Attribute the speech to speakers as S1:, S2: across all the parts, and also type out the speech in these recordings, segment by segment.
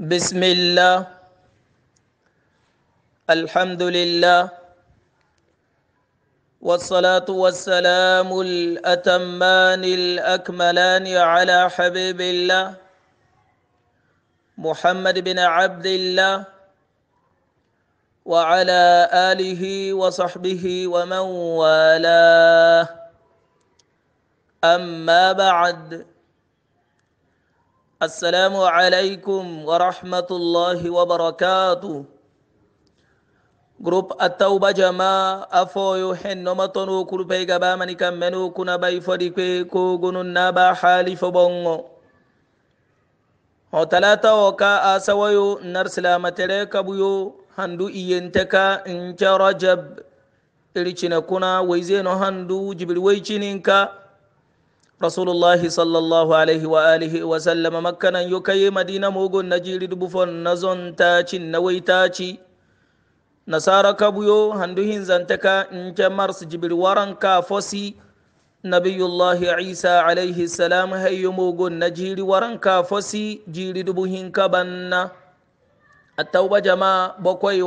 S1: بسم الله الحمد لله والصلاة والسلام الأتمان الأكملان على حبيب الله محمد بن عبد الله وعلى آله وصحبه ومن والاه أما بعد السلام عليكم ورحمة الله وبركاته جروب التوبة جماعة أفو حن نمطنو كل بيغا بامن كمنو كنا باي فريكي كوغن النابا حالي فبونغو هو تلاتة وكا آسويو نرسلامة ريكبيو هندو إينتكا إنجا رجب إليشنا كنا ويزينو هندو جبل ويشنينكا rasulullahi sallallahu alaihi wa wa sallama makkanan yukai madina mugun na jiri dubufon na zon taci na wai taci nasara kabyo handuhin zantaka in kemar su jibir waran ka isa alaihi salam hayyu na jiri waran ka fosi jiri dubuhin a tauba jama'a bakwai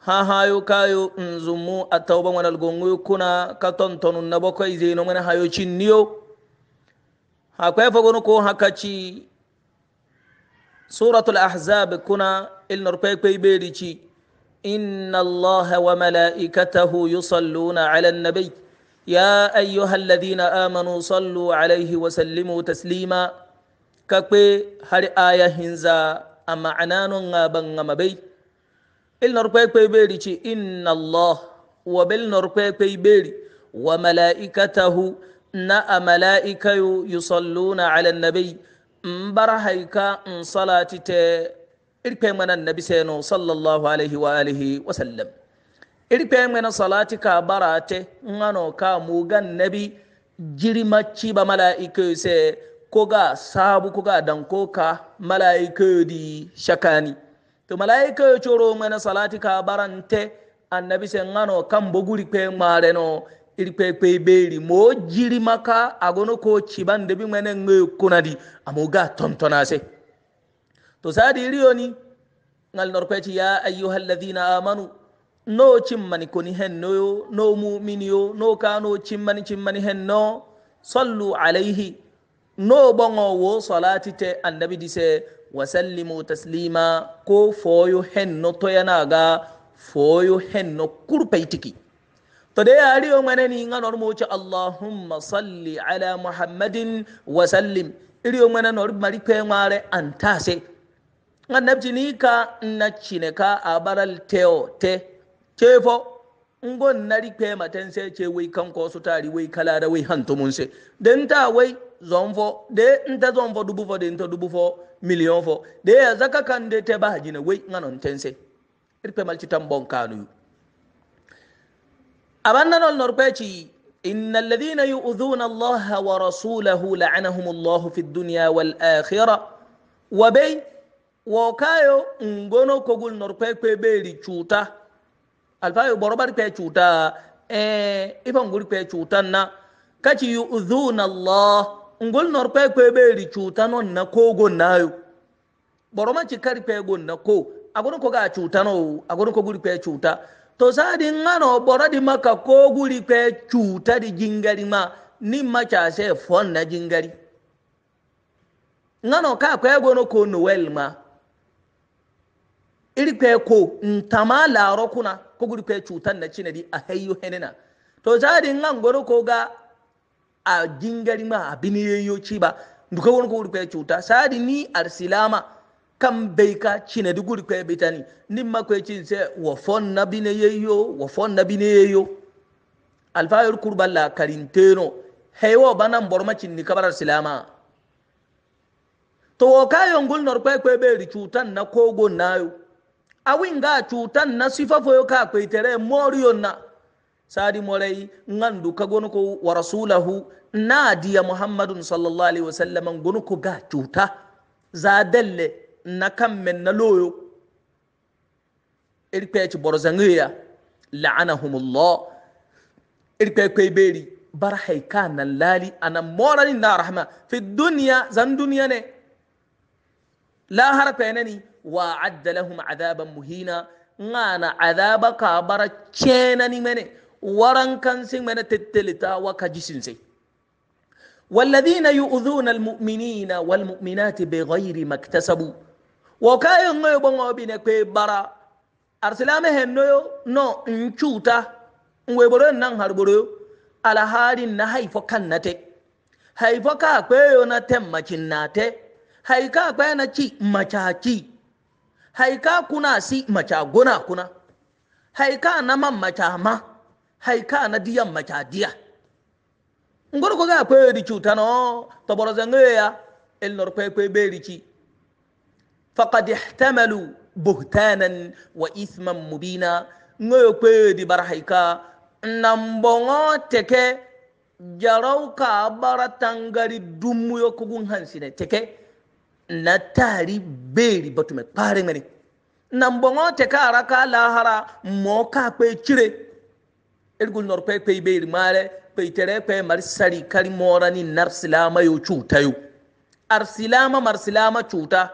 S1: ha hayo kayo nzumu a tauban wani algungu kuna ka tontonu na bako izi yi nomin hayo cin niyo akwai fagonu ko haka ci suratul ahzab kuna il norfai kwai beri ci inna allaha wa mala'ikatahu yusalluna ala nabi ya ayyuha alladhina amanu sallu alaihi wa sallimu taslima kakwe har ayahin za a ma'ananun ngaban ngamabai bil norkwekwe beri ci inna allah wa bil norkwekwe beri wa mala'ikatahu na a mala'ikayu yusalluna ala nabi in bar haika in salati ta irkwe mana nabi seno sallallahu alaihi wa alihi wa sallam irkwe mana salati ka barate ngano ka mugan nabi jirimaci ba mala'ikayu sai ga sabu koga danko ka mala'ikayu di shakani to malaika yo coro mene salati ka barante annabi se ŋano kan boguri kpe ŋmareno iri kpe kpe beeri mo jiri maka agono ko ciban debi mene ŋe kunadi amo ga tontonase to sadi iriyoni ŋal norkweci ya ayuha alladhina amanu no cimmani koni henno yo no mumini yo no ka no cimmani cimmani henno sallu alayhi no boŋo wo salati te annabi dise wasallimu taslima ko foyo henno ga foyo henno tiki to de ni manani ganor moce allahumma salli ala muhammadin iri iriyo mana nor mari kweŋare antase ga nabjini ka na cine ka a baral teo te tefo ngon nari pe maten se ce wai kan ko su tari wai kala da wai hantu mun se den ta wai zonfo de nta zonfo dubu fo de nta dubu fo million fo de ya zaka kan de te ba hajina wai nganon ten se irpe malci tambon kanu abanna nol norpeci إن الذين يؤذون الله ورسوله لعنهم الله في الدنيا والآخرة وبي وكايو نغونو كوغول نوربي بيري alfayo borobari pe cuta eh ifan guri pe cutan na kaci yu'dhuna allah ngol nor pe pe beri cuta non na kogo nayo boroma ci kari pe gon na ko agon ko ga cuta no agon ko guri pe cuta to sadi ngano boradi maka ko guri pe cuta di jingari ma ni maca se fon na jingari ngano ka kwe gono ko noel ma iri kwe ko ntama laro kuna koguri kwe cutan na cinadi a hayyo henena to jari ngan goro ko ga a gingari ma abin yayyo ci ba duka wani koguri kwe cuta sadi ni arsilama kan bai ka cinadi guri kwe bitani Ni ma kwe cin sai wa fon na bine yayyo wa fon na bine yayyo alfayar kurballa karinteno haiwa banan bormacin ni kabar arsilama to wo kayon gulnor kwekwe bai cuutan na kogo nayo awinga cutanna sifa foyo ka kweitere mori yonna sadi morei ngandu ka gonu ko wa rasulahu nadi ya muhammadun sallallahu alaihi wasallam gonu ko ga cuta za dalle na kammen na loyo irpeci borzangiya la'anahumullah irpeci beri bar haika nan lali ana morani na rahma fi dunya zan duniya ne la harfe na ni wa adda lahum azaban muhina ngana azaba ka bara cena ni mene waran kan sin mene tettelita wa ka jisin sai والذين يؤذون المؤمنين والمؤمنات بغير ما اكتسبوا وكاين غيو بونغو بيني كوي برا ارسلامه هنو نو انشوتا ويبرو نان هربرو على هاري نهاي فكان نتي هاي فكا كويو نتم مكين ناتي haika bayana ci maca ci haika kuna si maca kuna haika na man maca ma haika na diyan maca diya ngoro ko ga kwe ri no to boro zange ya el nor kwe kwe be ri ci faqad ihtamalu buhtanan wa ithman mubina ngoyo kwe bar haika nan bongo teke jarau ka bara tangari dumuyo kugun hansine teke na tari beri batume pare mene na mbongo te kara ka lahara mo ka pe chire irgun nor pe pe beri mare pe tere pe mar sari kari mora ni yo chuta yo ar silama mar silama chuta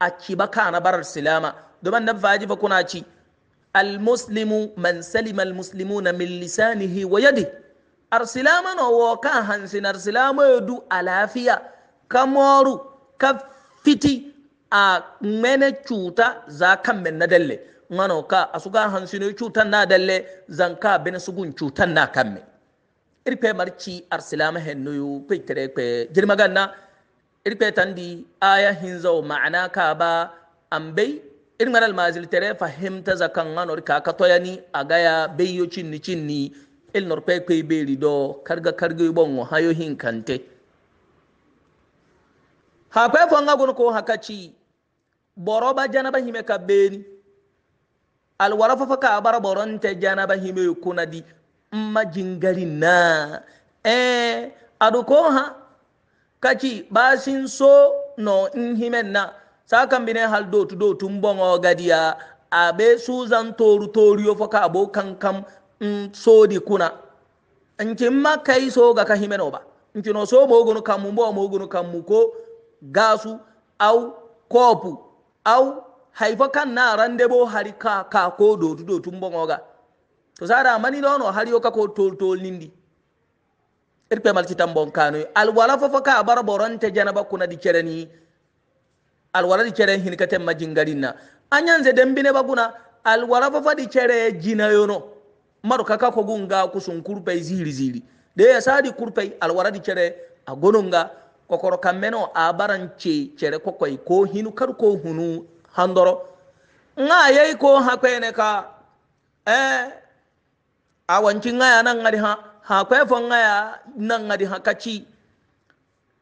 S1: a ci ba kana barar silama domin na faji fa kuna ci المسلم من سلم المسلمون من لسانه ويده أرسلاما وكاهن سن أرسلاما يدو ألافيا كمورو كف fiti a mene cuta za kan men na dalle mano ka asuga hansino cutan na dalle zanka su gun cutan na kan me irpe marci arsilama hennuyu peitere kwe jirmaganna irpe tandi aya hinzo ma'ana ka ba ambai irin maral tere fahimta zakan nganor ka ka toyani agaya beyo cinni cinni il norpe kwe beri do karga karga yubon hayo hin kante ha kwe fonga gun ko hakaci boroba janaba hime ka beni alwara faka bar boron boronte janaba hime kuna di mma jingari na eh adu ko ha kaci basin so no in hime na sakan bine hal tun dotu mbongo gadiya abe suzan toru toriyo foka bo kam so sodi kuna nkin ma kai so ga ka no ba nkino so mo gonu kammu mo gonu kammu ko gasu aw koopu aw hay fo kan na rande bo hari ka ka ko dotu do tun bongoga to sara mani do no hari yoka ko tol tol nindi er pe malti tan bon kanu al wala fo fo ka bar boron te janaba kuna di cereni al wala di cereni hin kate ma jingalina anyan ze dembine ba kuna al wala fo fo di cere jina yono maro kaka ko gunga kusun kurpe ziri ziri de ya sadi kurpe al wala di cere agononga kokoro kammeno a barance cere kokoi ko hinu kar ko hunu handoro nga yayi ko hakwene ka eh awanci ya nan ngari ha ha nga ya nan ngari ha kachi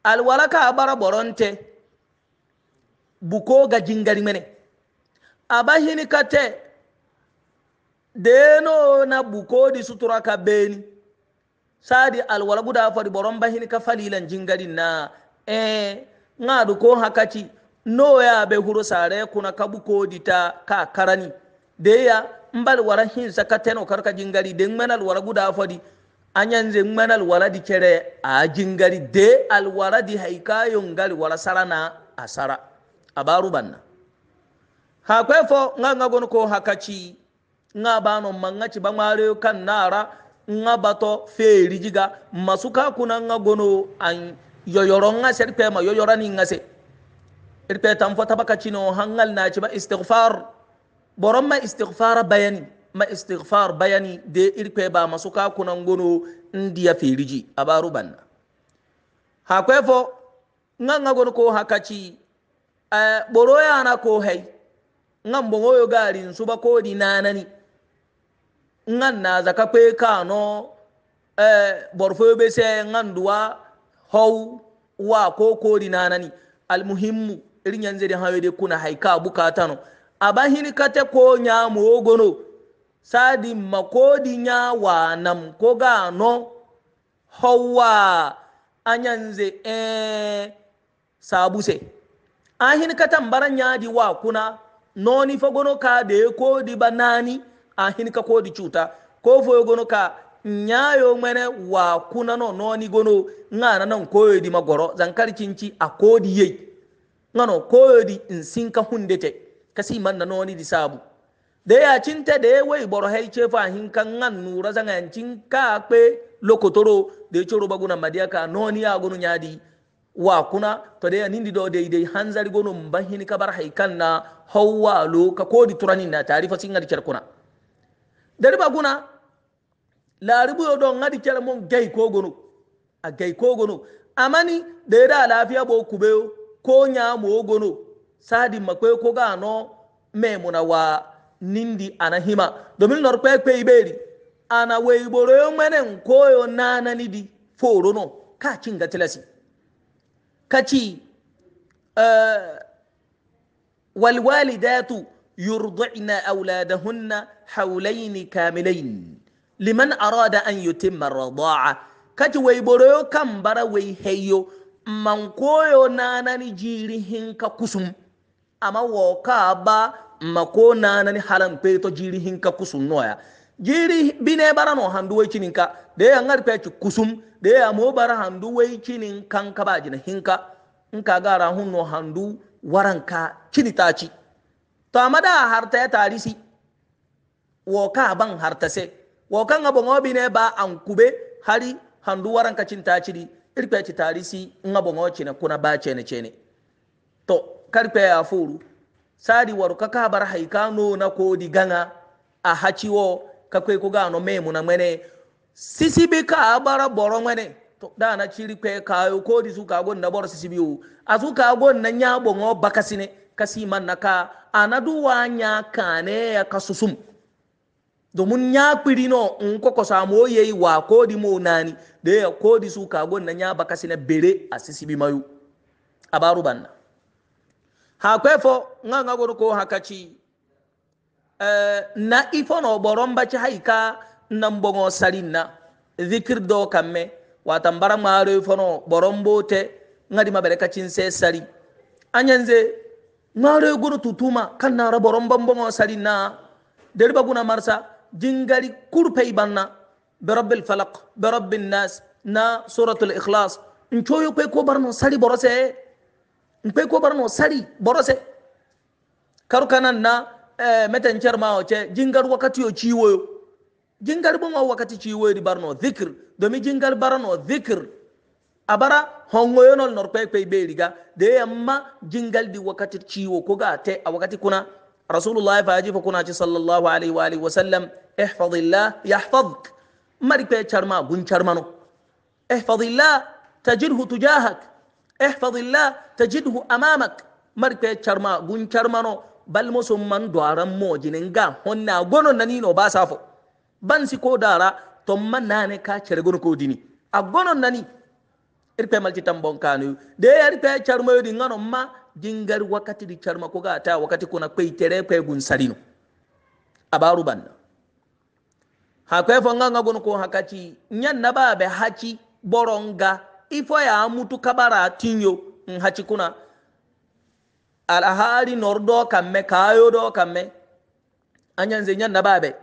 S1: alwala ka bara boronte buko ga jingari mene abahini kate deno na buko di sutura ka beni sadi alwala guda fodi boron bahini ka falilan jingari na e gaaru ko hakati no yaɓe huro sare kuna kabu kodita ka karani deya mbal wara hin zakateno karka jingari de gmenal wara guda fodi ayanze gmenal waradi kere a jingari de al waradi haikayongali wara sarana a sara abaru banna ha kwe fo nga nga gono ko hakachi nga bano manga chi ba mare kan nara nga bato fe rijiga masuka kuna nga gono an yoyoron nga se pe ma yoyoron ni nga se ir pe tam fo tabaka cino hangal na ci ba istighfar borom ma istighfar bayani ma istighfar bayani de ir pe ba masuka kunan gono ndiya feriji abaru banna ha fo nga nga gono ko ci eh boro ya na ko hay nga mbo ngoyo gari nsuba ko di nanani nga na zakakwe kano eh borfo be se nga nduwa hau wa ko kori nanani almuhimmu irin yanzu da hawe dai kuna haika buka tano abahin kate ko nya mu ogono sadi makodi nya wa nam ko ga no hawa anyanze e eh, sabuse ahin kata baran nya di wa kuna noni fogono ka de ko di banani ahin ka ko di chuta ko fo gono ka nyayo mene wa kuna no noni gono ngana nan koyo magoro zankar kinci a kodi yei ngano koyo di in ka hunde te kasi man na noni di sabu da ya cinta da ya wai boro hai ce fa hin kan ngan nura zanga yancin ka pe lokotoro da ya baguna madiya ka noni ya gono nyadi wa kuna to da ya nindi do de hanzar gono mbahini ka bar haikan na hawwa lo ka kodi turani na tarifa singa di kuna dari baguna laribuyo ɗon ngadi kere mon ko kogono a gay kogono amani ɗeɗa lafiya ɓo kuɓeyo ko ñamoo gono sadi makwe koga no muna wa nindi ana hima domin nor kwe kwe iberi ana weiboro yo mene nkoyo nana nidi foro no ka cinga tilasi kaci uh, والوالدات يرضعن أولادهن حولين liman arada an yutimma radaa kati weiboroyo kan bara weiheyo man koyo nanani jiri ka kusum ama wo ka ba ma ko nanani halan to jiri ka kusum noya jiri bine bara no handu wai ka, da ya ngar peci kusum da ya mo bara handu wai cinin kan ka ba jina hinka in ka gara hun no handu waranka cini taci to amada harta ya tarisi wo ka ban harta sai wakan abu ngobi ne ba an kube hari handu waran ka cin taciri irpe ci tarisi nga bongo cine kuna ba cene cene to karpe ya furu sadi waru kaka bar haikano na kodi ganga a haciwo kakwe ko gano memu na mene sisibi ka bara boro mene to da na ciri kwe kayo kodi suka kagon na boro sisibi u a su na nya bongo bakasine kasi man na ka anadu wanya kane ya kasusum domin ya piri no in koko samu oye wa kodi mo nani da ya kodi su kagon nan ya baka sina bere a sisibi mayu a baru banna ha kwefo nga nga goro ko hakachi ci eh, na ifo no boron bachi haika nan bongo na zikir do kamme watan bara maro ifo no boron bote ngadi mabere kacin sai sari anyanze maro goro tutuma kan na boron bambongo na deriba guna marsa jingari kurpey banna برب الفلق برب الناس نا سورة الإخلاص نشوي كوي كو برنو سري برسي نكوي كو برنو سري برسي كارو كانان نا متن شر ما وچه جنگر وقتي وچيو جنگر بما وقتي چيو دي برنو ذكر دومي جنگر برنو ذكر abara hongoyonol nor pepe beriga de amma jingal di wakati ciwo ko ga te a wakati kuna رسول الله فاجي فكنا صلى الله عليه وآله وسلم احفظ الله يحفظك مرك بيت شرما بن شرمانو احفظ الله تجده تجاهك احفظ الله تجده أمامك مرك بيت شرما بن شرمانو بل مسمن دوارم موجنن گا هنا گنو ننينو باسافو بانسي كو دارا تم نانه كا چرگن كو ديني اگنو نني irpe malti كانو دي de irpe charmoyodi ngano ما jingari wakati di charma ko ga wakati kuna kai tere kai gun abaru banna hakwe kai fanga ga gun hakachi hakati nyan hachi boronga ifo ya mutu kabara tinyo hachi kuna alahari nordo kamme kayo do kamme anyan ze nyan na ba be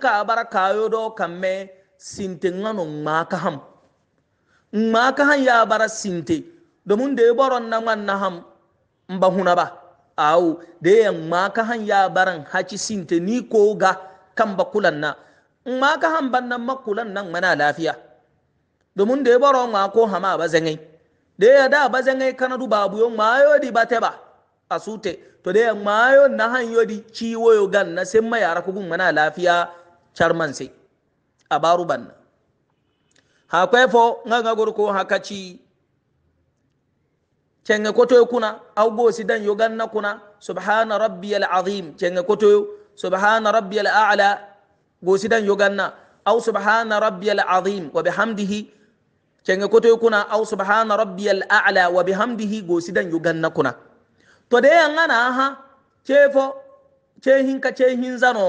S1: ka bara kayo do kamme sinte ngano ngma ka ham ngma ka han ya bara sinte domin da ya baron na man ham ba huna ba awo da ya ma ka han ya baran haci sinta ni ko ga kan bakulan na in ma ka han ban nan makulan nan mana lafiya domin da ya baron ma ko hama ba zangai da ya da ba zangai kana du babu yon ma yodi ba bate ba a sute to da ya ma yo na han yodi ciwo yo gan na sai ma yara kugun mana lafiya charman sai a baru ban na fo nga ga hakaci cenŋe kotoyo kuna aw boosi dan yoganna kuna subhana rabbiya alazim cenŋe kotoyo subhana rabbiya alala boosi dan yoganna aw subhana rabbiya alazim wa bihamdihi cenŋe kotoyo kuna aw subhana rabbiya alala wa bihamdihi goosi dan yoganna kuna to de yan ŋana aha cefo cehinka cehinzano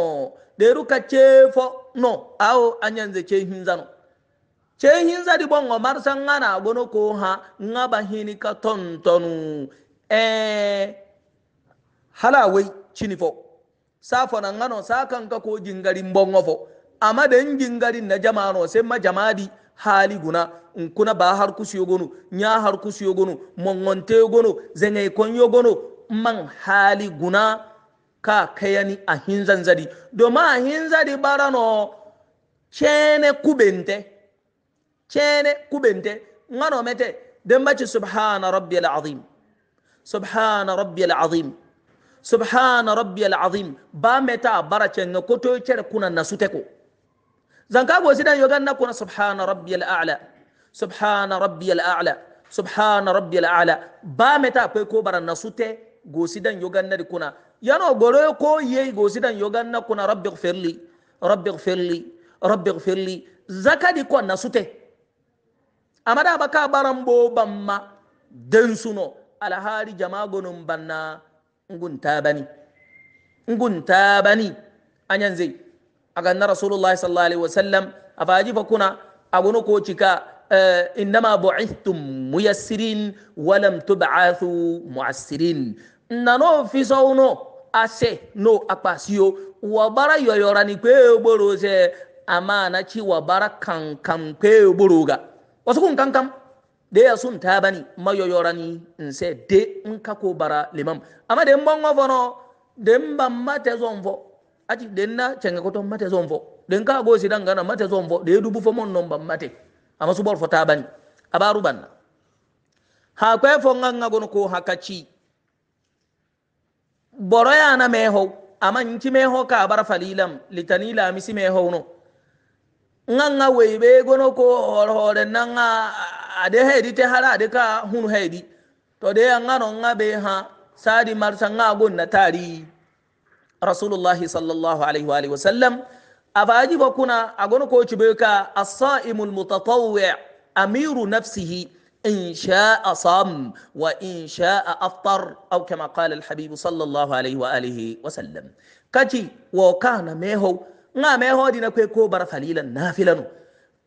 S1: deru ka cefo no aw anyanze cehinzano cehin zadi bongo marsa ngana gono ko ha ngaba hini ka tontonu eh halawai cinifo safo na ngano sakan ka ko jingarin bongo fo amma da jingarin na jama'ano sai ma jama'adi hali guna nkuna ba har kusiyo gono nya har kusiyo gono mongonte gono zengai konyo gono man hali guna ka kayani a hinzan zadi domin a hinzadi barano cene kubente kubente cene kuɓente ganomete dembaci subhana rabbi alazim subhana rabbi alazim subhana rabbi ba meta bara cenga koto cere kuna nasute ko zanka gosiɗan yoganna kuna subhana rabbi alala subhana rabbi alala subhana rabbi alala ba meta ko bara nasute gosiɗan yogannadi kuna yano goroyo ko yeyi gosiɗan yoganna kuna rabbi gfirli rabbi gfirli rabbi gfirli zakadi ko nasute amada abaka baran bo bamma den suno alhari jamagonun banna ngunta bani ngunta bani aga na rasulullah sallallahu alaihi wasallam afaji fa kuna agono ko uh, eh, innama bu'ithtum muyassirin wa lam tub'athu mu'assirin nano fi sawno ase no apasio wa bara yoyora ni pe oboro se amana chi wa bara kankan pe oboro ga wasukun kankan de ya sun ta bani ma yoyora ni in se de in ka ko bara limam amma de mon ngo fono de mba mate zon fo aji de na cenga ko to mate zon fo de ka go si danga na mate zon fo de du bu fo mon non ba mate amma su bor fo ta bani abaru ban ha ko fo nganga gon ko hakachi boro ya na me ho amma nti me ho ka bara falilam litani la misi me ho no nga nga weibe gono ko horhore na nga ade hedi te hala ade ka hunu hedi to de nga no nga be ha sadi marsa nga gon na tari rasulullahi sallallahu alaihi wa alihi wasallam abaji kuna agono ko cibe ka as-saimul mutatawwi amiru nafsihi إن شاء صام وإن شاء أفطر أو كما قال الحبيب صلى الله عليه وآله وسلم كجي وكان ميهو nga me hodi na kwe ko bara falila nafila no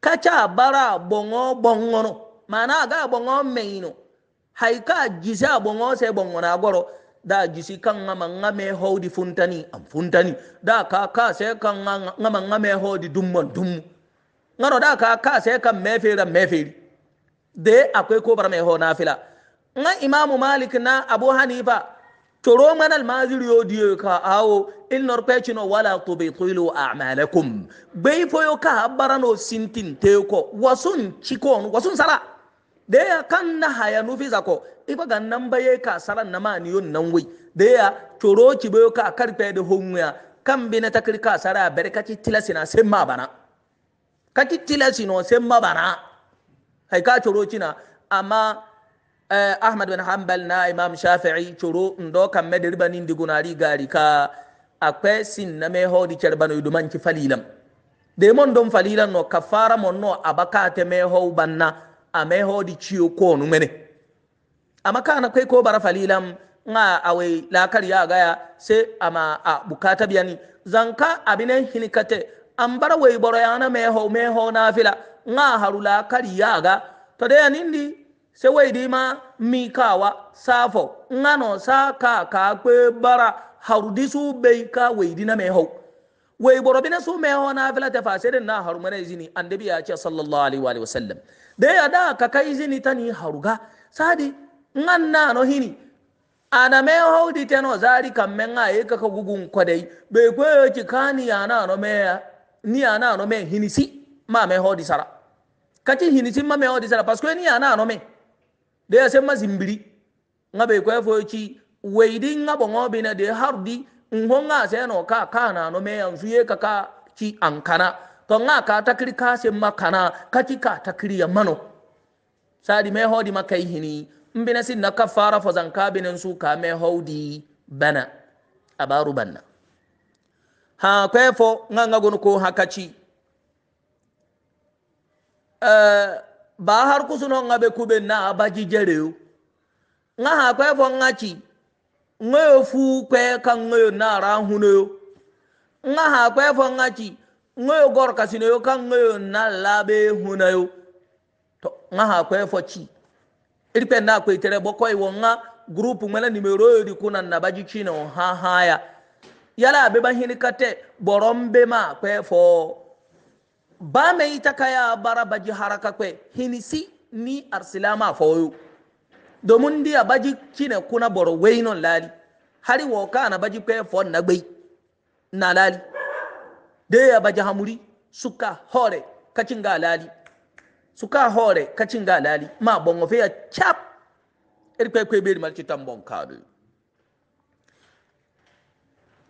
S1: kacha bara bongo bongo no mana ga bongo me ino haika jisa bongo se bongo na goro da jisi kan nga nga me hodi funtani am funtani da ka ka se kan nga nga nga me hodi dummo dummo ngaro da ka ka se kan me fera me feri de akwe ko bara me ho nafila nga imamu malik na abu hanifa coro mana almaziri yo diyo ka awo in nor n'o wala a malakum bai foyo ka barano sintin teko wasun cikon wasun sara da ya kan na haya nufi zako ifa ga nan baye ka saran na ma niyon nan wai da ya coro ki bayo ka karfe da honwa kan bi na takir ka sara tilasina sai ma bana kati tilasino sai ma bana hai ka coro na amma Eh, ahmad ben hambal na imam shafii coro ndo kam mede ribani ndigunari gaari ka a kwe sinna me hoodi cerbanoy dumanci falilam de mon don falilan no kafara mon no abakate me how banna a me hoodi ciyo konu mene ama kana kwe ko bara falilam nga awei lakari ya gaya se ama a bukata biyani zanka abine hinikate ambara wei boro yana me how me how na fila nga haru lakari ya ga to de anindi wai weydi ma mikawa kawa safo ngano sa ka ka kwe bara harudi su bai ka weydi na me hau wai boro bina su me hau na fila ta fasirin na haru mana izini annabi ya ce sallallahu alaihi wa sallam da ya da ka kai izini tani haruga sadi ngan na no hini ana me hau di teno zari kan men a yi ka gugun kwadai bai kwayo ki kani ya na no me ni ya na no me hinisi ma me hau di sara kati hinisi ma me hau di sara parce ni ya na no me de ya ma zimbiri nga be kwa fo chi weidi nga bongo bina de hardi ngo nga se no ka ka na no me yanzu ye ka ka chi ankana to nga ka takri ka se makana ka chi ka takri ya mano sadi me hodi makai hini mbina sin na kafara fo zanka binin su ka me hodi bana abaru banna ha kwefo nga nga gonu ko hakachi eh uh, ba har kusuno nga be kube na abaji o nga ha kwe fo nga chi nga yo fu kwe ka nga yo na ra huno yo nga ha kwe fo nga chi nga yo gor kasino yo ka nga yo na labe huno yo to nga ha kwe fo chi iri kwe na kwe tere boko iwo nga grupu mwela nimero yo di kuna na baji chino ha ha ya yala be ba hinikate borombe ma kwe fo bame ita kaya bara baji haraka kwe hinisi ni arsilama foyo domin dia baji kine kuna boro weinon lali hari woka na baji kwe fon na gbai na lali de ya baji hamuri suka hore kacin ga lali suka hore kacin ga lali ma bongo fe ya chap irkwe kwe beri malci tambon kado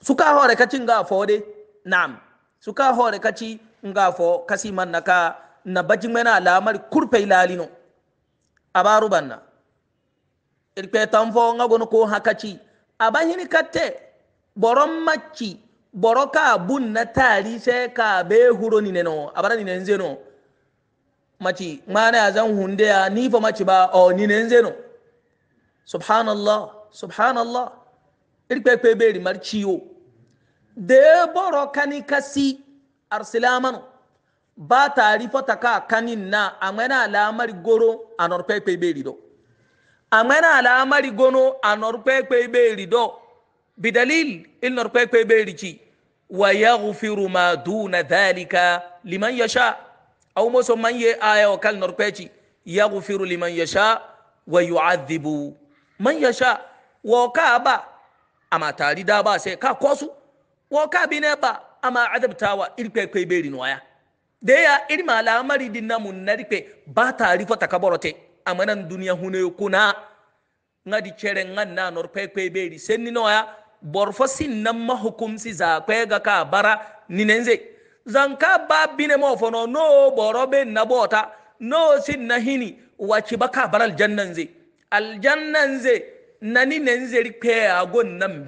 S1: suka hore kacin ga fode nam suka hore kaci nga fo kasi man naka na bajimena lamari kurpe ilalino abaru banna irpe tanfo nga gono ko hakaci abahini katte borom macci boroka bun na tari se ka be huro ni ne abara ni nenze no maci mana azan hunde ya ni fo maci ba o ni nenze no subhanallah subhanallah irpe pe be ri marciyo de boroka ni kasi arsilamano ba tarifa ta ka kanin na amena lamari goro a norpepe beri do amena lamari gono a norpepe beri do bidalil il norfefe beri ci wa yaghfiru ma duna dhalika liman yasha aw moso man ye aya o kal norpeci yaghfiru liman yasha wa yu'adhibu man yasha wa ka ba ama tari da ba sai ka kosu wa ka bi ne ba ama tawa irikwe kwe beri nwaya. deya iri malamari dinna munnari kwe bata tarifo takaborote amanan ndunia hune yukuna nga di chere nga nor kwe kwe beri Seni nwaya borfo sinnan hukumsi za kwe gaka bara ninenze zanka babine mofono no borobe nabota no sin na hini wace baka bar aljannan zai aljannan zai na ni agon nan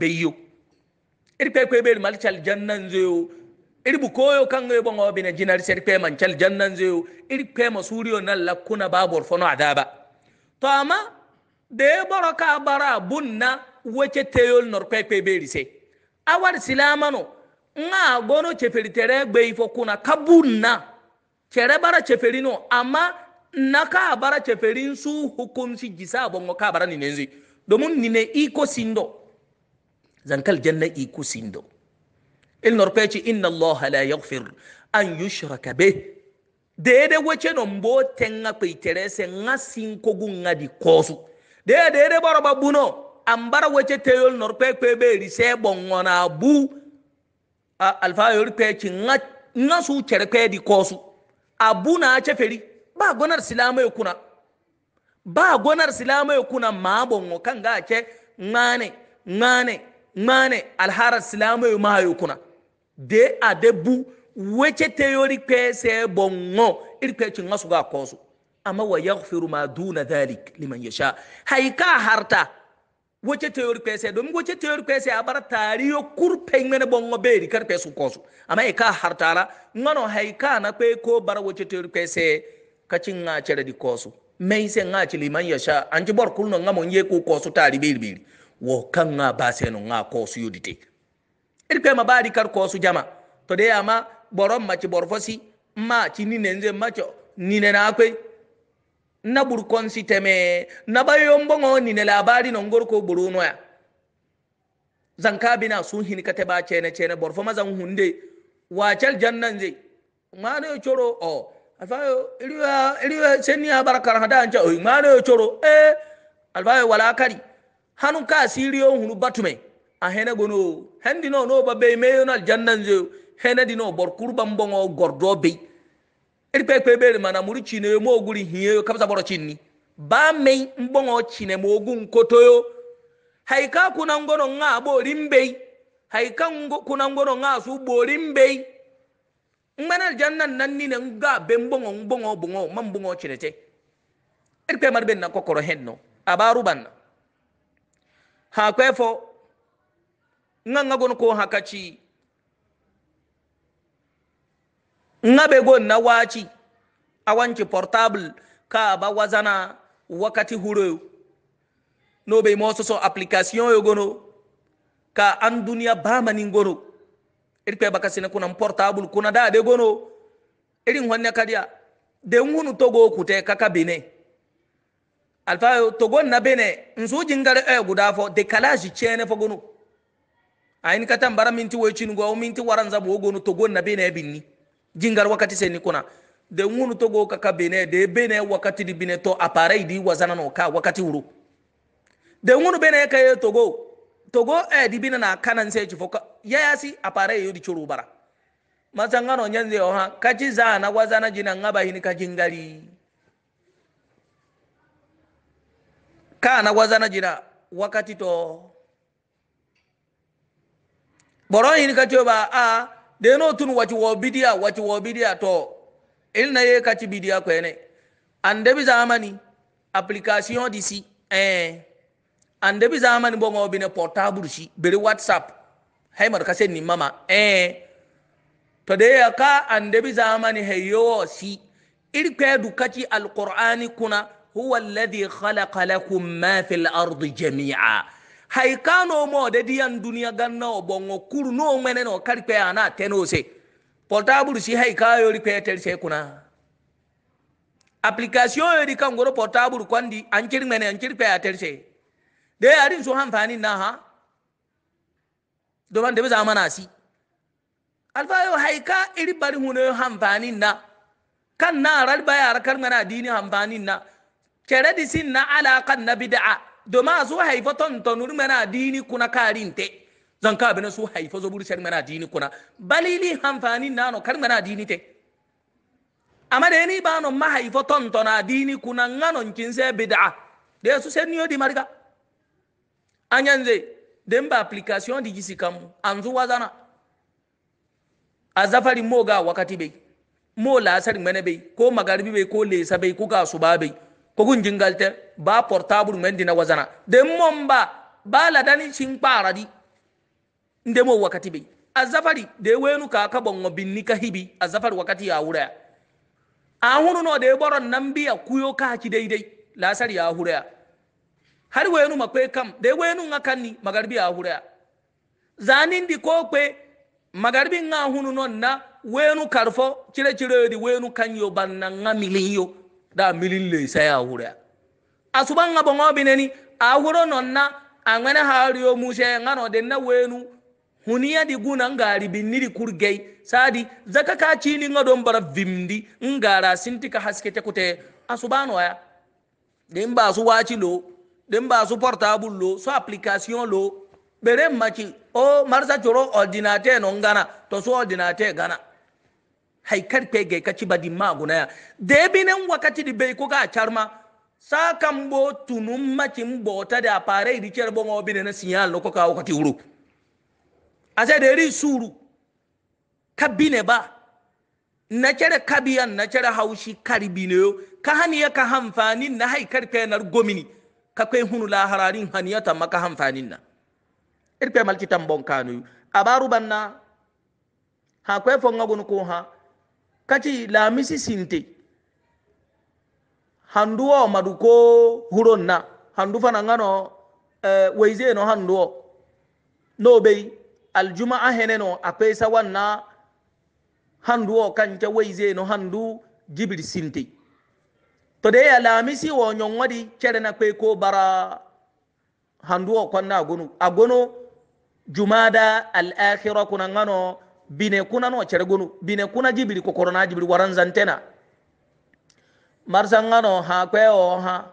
S1: iri kwe kwe beri mal chal jannan zeyo iri bu koyo kango yebo ngo bina jinar ser kwe man chal jannan zeyo iri kwe masuriyo nan lakuna babor fono adaba to amma da ya bara bun na teyol nor kwe kwe beri se awar silamano nga gono cheferi tere gbe ifo kuna kabun chere bara cheferi no na ka bara cheferin su hukunci jisa bongo ka bara ni nenzi domin ni ne iko sindo zankal janna iku sindo il norpeci inna allah la yaghfir an yushraka be dede wache no mbo tenga terese nga sinkogu nga di kosu dede dede baroba buno ambara wache teyol norpe be rise bongona bu alfa yori peci nga nga su cere kpe di kosu abuna na feri ba gonar silama kuna ba gonar silama kuna ma bongo kanga che ngane ngane mane alhara silamu ma hayo kuna de adebu wece teyori pese bongo iri pece ngasu ga kosu ama wa yaghfiru ma duna dhalik liman yasha haika harta wece teyori pese domin wece teyori pese abar tariyo kurpe ngene bongo beri kar pesu kosu amma ika hartala ngano ka na pe ko bara wece teyori pese kacin ŋa cere di kosu mai se nga ci liman yasha na bor kulno n ye ko kosu tari beri beri wo kan nga se no nga ko su yudite ir pe ma bari kar ko su jama to de ama borom ma ci borfosi ma ci ni nenze ma ci ni ne na kwe na kon si teme na bayon ngo ni ne labari no ngor ko buru no ya zanka bina sun hin ka taba cene cene borfo ma zan hunde wa chal jannan ze ma ne choro o alfayo iliwa iliwa senia barakar hada anja o ma ne choro eh alfayo wala kari hanu ka asiri o hunu batume a hene gono hendi no no ba be meyo na jannan zo hene di no bor kurban bongo gordo be iri pe pe bere mana muri chine mo oguri hiye kabza boro chinni ba mei mbongo chine mo ogun kotoyo haika kuna ngono nga haika kuna ngono nga su nga be mbongo mbongo bongo mambongo chinete iri pe na kokoro abaru banna ha kwefo nga nga gon ko hakachi nga be gon na wachi awanchi portable ka ba wazana wakati huro no be mo so so application yo gono ka an dunya ba mani gono iri kwe baka sine kuna portable kuna da de gono iri nwanne kadia de ngunu togo kute kaka bene alfa to na bene nsu jingare e guda fo de kalaji chene fo gonu ayin katan bara minti wo chin go minti waran zabu wo gonu to gonna bene binni jingar wakati sen kuna de ngunu to go kaka bene de bene wakati di bine to appareil di wazana no ka wakati wuro. de ngunu bene ka ye to go to go e eh, di bine na kanan se chi fo ya yasi appareil yodi churu bara mazangano nyanze oha kachi zana wazana jina ngaba hini kajingari kana wazana jina wakati to boro yin kati ba a deno tun wati wo wati wo to il na ye kati bidiya ko ene ande bi zamani application d'ici eh ande bi zamani bo ngo bine portable shi bere whatsapp hay mar ka ni mama eh to de ya ka ande bi zamani heyo si il kedu dukati alqur'ani kuna huwa alladhi khalaqa lakum ma fil ardi jami'a hay kano mo de diyan duniya ganna o bongo kuru no mene no kari pe ana tenose portable si hay kayo ri pe tel se kuna application yori kan goro portable kwandi an kiri mene an kiri pe atel se de arin so hanfani na ha doban de zamana si alfa yo iri bari huno hanfani na kan na ral bayar kar mana na kere disin na alakan na bida'a doma su haifa tontonur mana dini kuna te zan ka bana su haifa zobur shar mana dini kuna balili hamfani no kar mana dini te amma da ni ba haifa tonton na dini kuna nganon kinse bid'a da su ni niyo di marga anyanze den ba application di gisi kam anzu wazana azafari moga wakati bai mo lasar mana bai ko magarbi bai ko lesa bai ko kasuba bai jingal jingalte ba portable men dina wazana de momba ba ladani sin paradi nde mo wakati bi azafari de wenu ka ka bongo binni ka hibi azafari wakati ya wura ahunu no de boron nan biya kuyo ka ki daidai lasari ya hura har wenu makwe kam de wenu ngakanni magarbi ya hura zanin di ko kwe magarbi nga hunu na wenu karfo cire cire di wenu kanyo banna nga miliyo da milin le saya hura asuban ga ne ni a huro nonna angana hariyo muse ngano den na wenu huniya di guna ngari binniri kurgei sadi zaka ka chini ngadon bara vimdi ngara sintika haskete kute asubano ya den ba su wachi lo den ba su portable lo su application lo bere machi o marza joro ordinateur no ngana to su ordinateur gana haikar pege kaci badi maguna ya debinen wakati di bai kuka charma sakan bo tunun macin bota da fare di cer bon obine na sinyal no kuka wakati uru ase da ri suru kabine ba na cere kabiyan na cere haushi karibine yo ka haniya ka hamfani na haikar pe na gomini ka kai hunu lahararin haniya ta maka hamfanin na irpe malkitan bon kanu banna ha ko ha kati laamisi sinte handu wo madu ko huron na handu fana nga eh, no eh, weize no handu wo no bey aljuma'a hene no a peesa wanna handu wo kanca weize no handu jibri sinte to de ya laamisi wo nyongwadi cere na kwe ko bara handu wo kwanna agono agono jumada al-akhira kuna nga no bine kuna no cere gonu bine kuna jibiri ko na jibiri waran zantena marsangano ha kwe o ha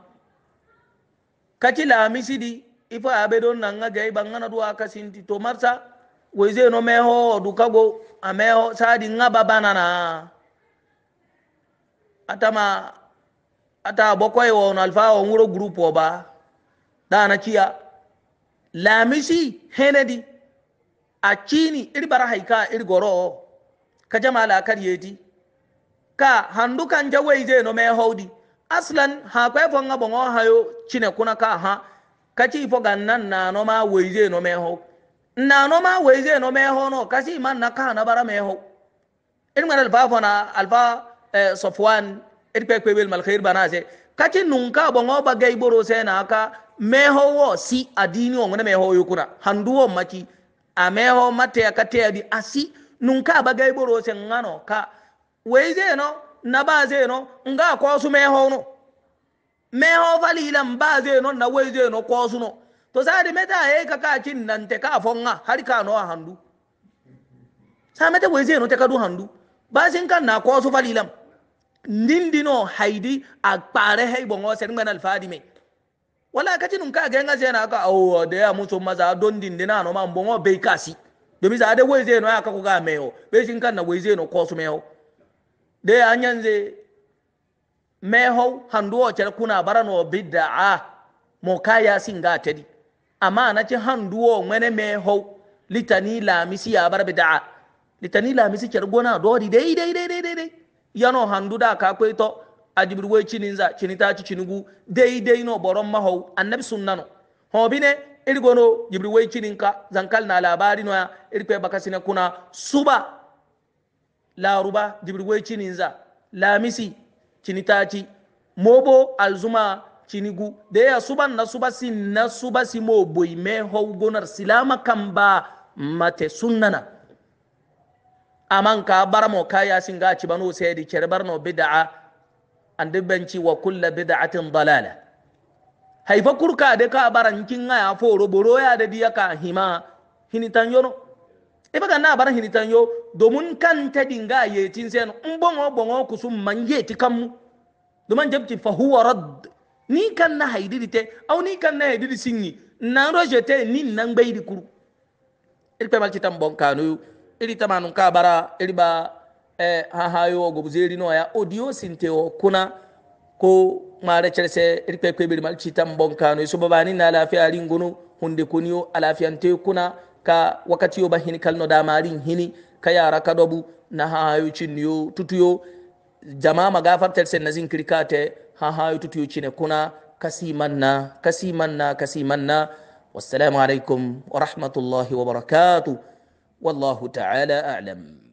S1: kati la misidi ifa abe don na nanga gai bangana duwa kasinti to marsa weze no meho dukago ameho sadi ngaba na atama ata bokoy won alfa won wuro group oba dana kiya lamisi henedi a cini irbar haika irgoro ka jamala kar yeti ka handu kan jawai je no me howdi aslan ha kwai fonga bongo hayo cine kuna ka ha kaci fo gannan na no ma waije no me ho na no ma waije no me ho no kaci man na ka na bara me ho in mar alfa fo na alfa eh, sofwan irpe kwebel mal khair bana se kaci nunka bongo ba gai boro se na ka me ho wo si adini on ne me ho yukuna handu wo maki a ameho mate akatea di asi nunka bagai boro se ngano ka weize no na baze no nga ko su meho no meho valila mbaze no na weize no ko su no to sadi meta e ka ka cin nan te ka fonga har ka no handu sa meta weize no te ka du handu bazin kan na ko su valilam ndindino haidi akpare hay bongo se ngana alfadi me wala kati nun ka genga zena ka o oh, de ya muso maza don din dina no ma mbongo be kasi domi za de weze no ya ka ko ga meyo be shin kan na weze no ko su meyo de ya nyanze meho handuwa cer kuna barano bid'a mo kaya singa tedi amma na ci handuwa mene meho litani lamisi ya bar bid'a litani lamisi cer gona do di dai dai dai dai dai yano handu da ka kwaito ajibir we chininza chinita chi chinugu dei dei no boron maho annabi sunnano ho bine irgono jibir we chininka zankal na labari no ya bakasina kuna suba la ruba we chininza lamisi chinita chi mobo alzuma chinigu de ya suban na subasi na subasi mo boy me ho gonar silama kamba mate sunnana aman baramo kaya singa chibano bano sai di bid'a an benci wa kulla bid'atin dalala haifa kurka de ka baran haya ya foro boro ya da diya ka hima hinitan yono iba ka na baran hinitan yo domin kan ta dinga ye tin sen in bongo bongo kusum manje ti kammu domin jabti fa huwa radd ni kan na haididi te au ni kan na haididi sinni na rojete ni nan gbaidi kuru iri pe malci tan bon kanu iri tamanun ka bara iri ba eh, ha hayo go buzeli no ya audio sinte o kuna ko mare chelese irpe ko bir malchita mbonkano bonkano so babani na lafiya lingunu hunde kunyo kuniyo alafiyante kuna ka wakati yo bahini kalno marin hini ka yara ka dobu na hayo chinyo tutuyo jama magafar telse nazin krikate ha hayo tutuyo chine kuna kasimanna kasimanna kasimanna wassalamu alaikum warahmatullahi wabarakatuh والله تعالى أعلم